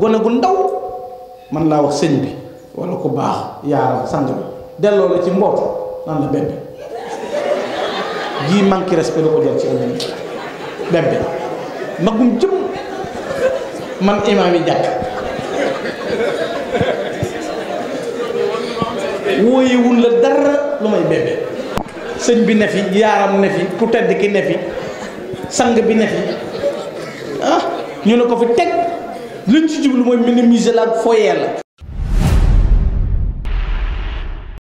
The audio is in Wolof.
gone gu ndaw man laa wax sëñ bi wala ko baax yaara sang bi delloo la ci mbootu naan la bébé jii manque respect la ko jël ci adduna bébé magum jëm man imaam yi jàkk wóoyewul la dara lu may bébé sëñ bi ne fi yaaram ne fi ku tedd ki ne fi sang bi ne fi ah ñu ne ko fi teg luñ ci jublu mooy minimiser la ak foyee la.